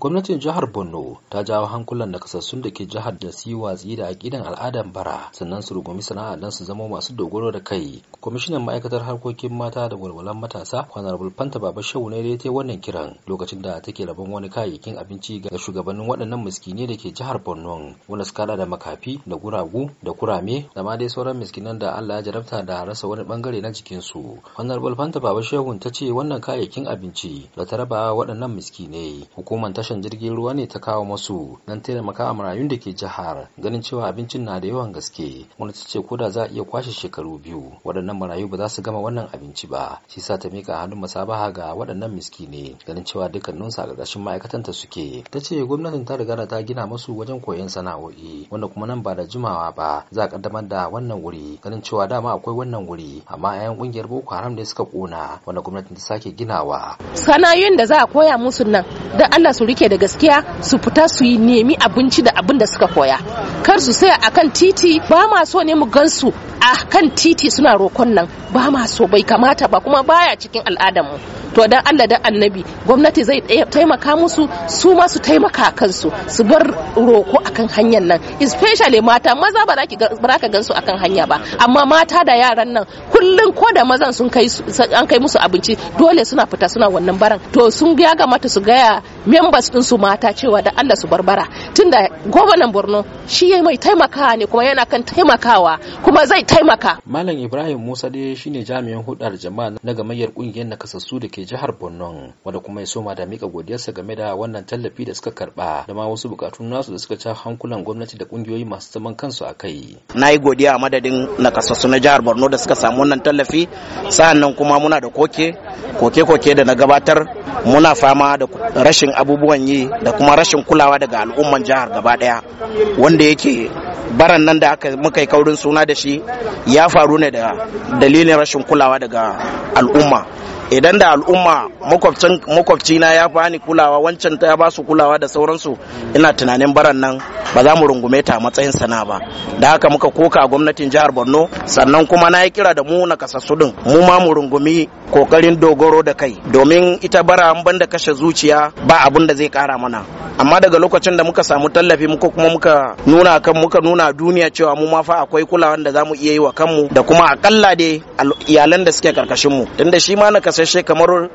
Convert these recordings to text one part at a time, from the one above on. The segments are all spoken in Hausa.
gwamnatin jihar borno ta jawo hankulan nakasassun da ke jihar da su yi watsi da aƙidan al'adan bara sannan su rugumi sana'a don su zama masu dogaro da kai kwamishinan ma'aikatar harkokin mata da walwalan matasa kwanar fanta baba shehu ne da ta wannan kiran lokacin da take rabon wani kayayyakin abinci ga shugabannin waɗannan miskinai da ke jihar borno wanda suka da makafi da guragu da kurame da ma dai sauran miskinan da allah ya jarabta da rasa wani bangare na jikinsu kwanar fanta baba shehu ta ce wannan kayayyakin abinci da ta raba waɗannan miskinai hukumar ta tashan jirgin ruwa ne ta kawo masu don taimaka a marayun da ke jihar ganin cewa abincin na da yawan gaske Wani ta ce koda za a iya kwashe shekaru biyu waɗannan marayu ba za su gama wannan abinci ba shi sa ta mika hannun musabaha ga waɗannan miski ne. ganin cewa dukkanin su a ƙarƙashin ma'aikatan ta suke ta ce gwamnatin ta riga ta gina masu wajen koyon sana'o'i wanda kuma nan ba da jimawa ba za a kaddamar da wannan wuri ganin cewa dama akwai wannan wuri amma 'ya'yan ƙungiyar boko haram da suka kona wanda gwamnatin ta sake ginawa sana'o'in da za a koya musu nan Dan Allah su rike da gaskiya su fita su yi nemi abinci da abin da suka koya kar su saya akan titi ba ma so ne mu gansu a kan titi suna rokon nan ba ma so bai kamata ba kuma baya cikin al'adarmu to dan Allah dan annabi gwamnati zai taimaka musu su ma su taimaka kansu su bar roko akan hanyar nan especially mata maza ba za ka gansu akan hanya ba amma mata da yaran nan kullum ko da mazan sun kai an kai musu abinci dole suna fita suna wannan baran to sun ya mata su gaya members din su mata cewa da Allah su barbara tunda gwamnan Borno shi ya mai taimakawa ne kuma yana kan taimakawa kuma zai taimaka Malam Ibrahim Musa dai shine jami'in hudar jama'a na gamayyar kungiyar nakasassu da ke jihar Borno wanda kuma ya soma da mika godiyarsa game da wannan tallafi da suka karba da ma wasu bukatun nasu da suka ci hankulan gwamnati da kungiyoyi masu zaman kansu a kai nayi godiya a madadin nakasassu na jihar Borno da suka samu wannan tallafi sa'annan kuma muna da koke koke koke da na gabatar muna fama da rashin rashin abubuwan yi da kuma rashin kulawa daga al'umman jihar gaba daya wanda yake baran nan da aka muka yi kaurin suna da shi ya faru ne da dalilin rashin kulawa daga al'umma idan da al'umma makwabcina ya bani kulawa wancan ta ba su kulawa da sauransu ina tunanin baran nan ba za mu rungume ta matsayin sana ba da haka muka koka gwamnatin jihar borno sannan kuma na yi kira da mu na kasassu din mu ma mu rungumi kokarin dogoro da kai domin ita bara an banda kashe zuciya ba abin da zai kara mana amma daga lokacin da muka samu tallafi muka kuma muka nuna kan muka nuna duniya cewa mu ma fa akwai kulawan da zamu iya yi wa kanmu da kuma akalla dai iyalan da suke karkashin mu tunda shi ma na kasashe kamar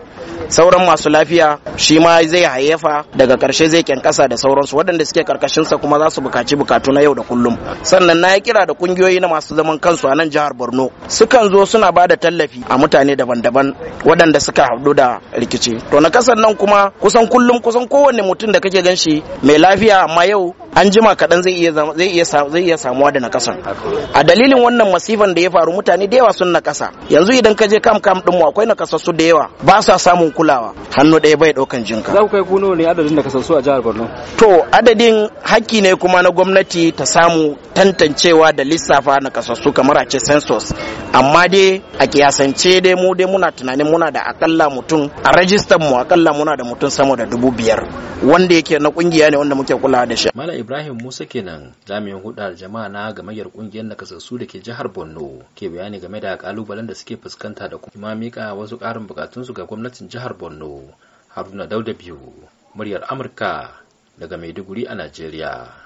sauran masu lafiya shi ma zai hayyafa daga karshe zai kyankasa da sauransu waɗanda suke karkashinsa kuma za su bukaci bukatu na yau da kullum sannan na yi kira da kungiyoyi na masu zaman kansu a nan jihar borno sukan zo suna ba da tallafi a mutane daban-daban waɗanda suka haɗu da rikici to na kasan nan kuma kusan kullum kusan kowanne mutum da kake gan shi mai lafiya amma yau an jima kaɗan zai iya zai iya zai iya samuwa da nakasan a dalilin wannan masifan da ya faru mutane da yawa sun nakasa yanzu idan ka je kam kam din mu akwai nakasassu da yawa ba sa samun kulawa hannu ɗaya bai ɗaukan jinka za ku kai kuno ne adadin nakasassu a jihar Borno to adadin hakki ne kuma na gwamnati ta samu tantancewa da lissafa nakasassu kamar a ce census amma dai a kiyasance dai mu dai muna tunanin muna da akalla mutum a rajistan mu akalla muna da mutum sama da dubu biyar wanda yake na kungiya ne wanda muke kulawa da shi Ibrahim Musa kenan jami'in hudar jama'a na gamayyar kungiyar nakasassu da ke jihar Borno ke bayani game da kalubalen da suke fuskanta da kuma mika wasu karin bukatunsu ga gwamnatin jihar Borno. Haruna Dauda biyu, muryar Amurka daga Maiduguri a Najeriya.